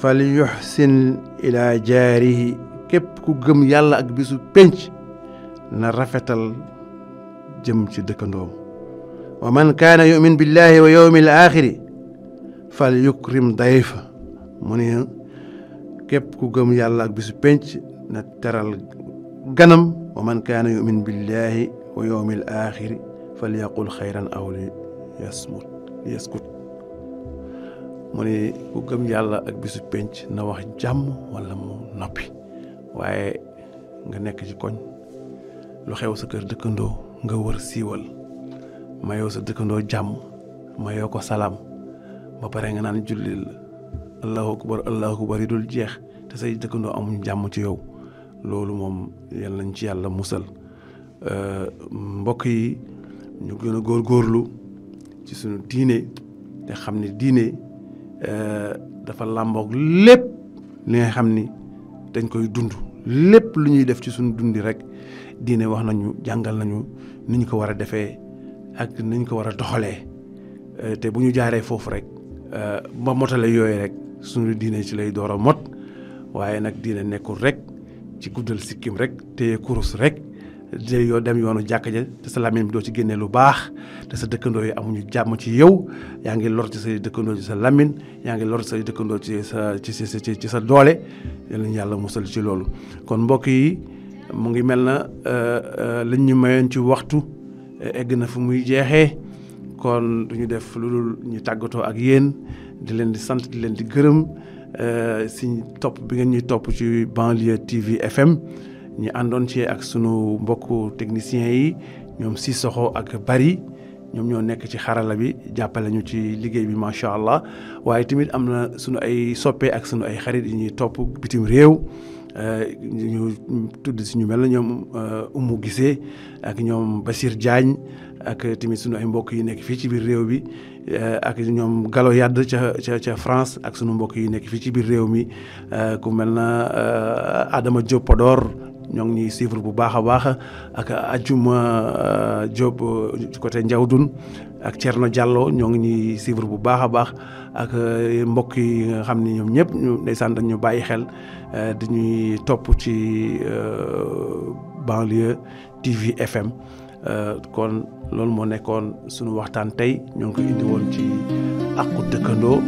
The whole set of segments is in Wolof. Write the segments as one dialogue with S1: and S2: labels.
S1: فليحسن الى جاره كيب كو گم يالا اك بيسو بنچ نا رافتال جيم سي دكندوم ومن كان يؤمن بالله ويوم الاخر فليكرم ضيفه موني كيب كو گم يالا اك بيسو بنچ نا ترال گنم ومن كان يؤمن بالله ويوم الاخر فليقل خيرا او ليصمت ليسكت mu ne ku gëm yàlla ak bisu pénc na wax jàmm wala mu noppi waaye nga nekk ci koñ lu xew sa kër dëkkandoo nga wër siiwal mayoo sa dëkkandoo jàmm mayoo ko salaam ba pare nga naan jullil allahu akbar allahu akbar yi dul jeex te say dëkkandoo amuñ jàmm ci yow loolu moom yal nañ ci yàlla musal mbokk yi ñu gën góor góorlu ci suñu diine te xam ne diine Euh, dafa làmbook lépp li nga xam ni dañ koy dund lépp lu ñuy def ci suñu dundi rek diine wax nañu jàngal nañu ni ñu ko war a defee ak ni ñu ko war a toxalee euh, te bu ñu jaaree foofu rek euh, ba motale yooyu rek suñu diine ci lay door a mot waaye nag diine nekkul rek ci guddal sikkim rek téye kurus rek de yoo dem yoonu jàkka ja te sa làmmiñ bi doo ci génnee lu baax te sa dëkkandoo yi amuñu jàmm ci yow yaa ngi lor ci say dëkkandoo sa làmmiñ yaa ngi lor say dëkkandoo ci sa ci sa ci sa doole yal nañu yàlla musal ci loolu. kon mbokk yi mu ngi mel na euh, euh, liñ ñu mayoon ci waxtu egg na fu muy jeexee kon du ñu def lu dul ñu tàggatoo ak yéen di leen di sant di leen di gërëm euh, si topp bi ngeen ñu topp ci banlieue TV FM. ñi àndoon ci ak sunu mbokk techniciens yi ñoom Sissoko ak Bari ñoom ñoo nekk ci xarala bi jàppale ñu ci liggéey bi macha allah waaye tamit am na sunu ay soppe ak sunu ay xarit yi ñuy topp bitim réew eh, ñu tudd si ñu mel na ñoom eh, Umu Gisee ak ñoom Basir Diagne ak tamit sunu ay mbokk yi nekk fii ci biir réew bi eh, ak ñoom Gallo Yadd ca ca ca France ak sunu mbokk yi nekk fii ci biir réew mi ku mel na Adama Diop Podor ñoo ngi ñuy suivre bu baax a baax ak Ajuma euh, Diop euh, côté Ndiawdoun ak Thierno jàlloo ñoo ngi ñuy suivre bu baax a baax ak euh, mbokk yi xam ni ñoom ñëpp ñu ndeysaan dañ ñu bàyyi xel di ñuy topp ci banlieue TV FM kon loolu moo nekkoon sunu waxtaan tey ñoo ngi indi woon ci àqu dëkkandoo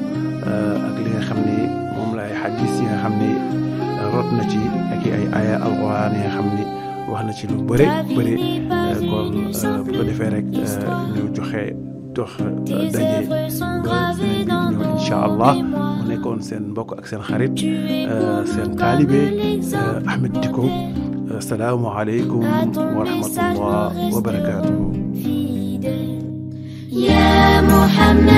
S1: ak li nga xam ni moom lay xadis yi nga xam ni rot na ci ak waxtaane nga xam ni wax na ci lu bëre bëre kon bu ko defee rek ñu joxe dox daje ba beneen bi ñëw incha allah mu nekkoon seen mbokk ak seen xarit seen taalibe ahmed diko السلام عليكم ورحمة الله وبركاته يا محمد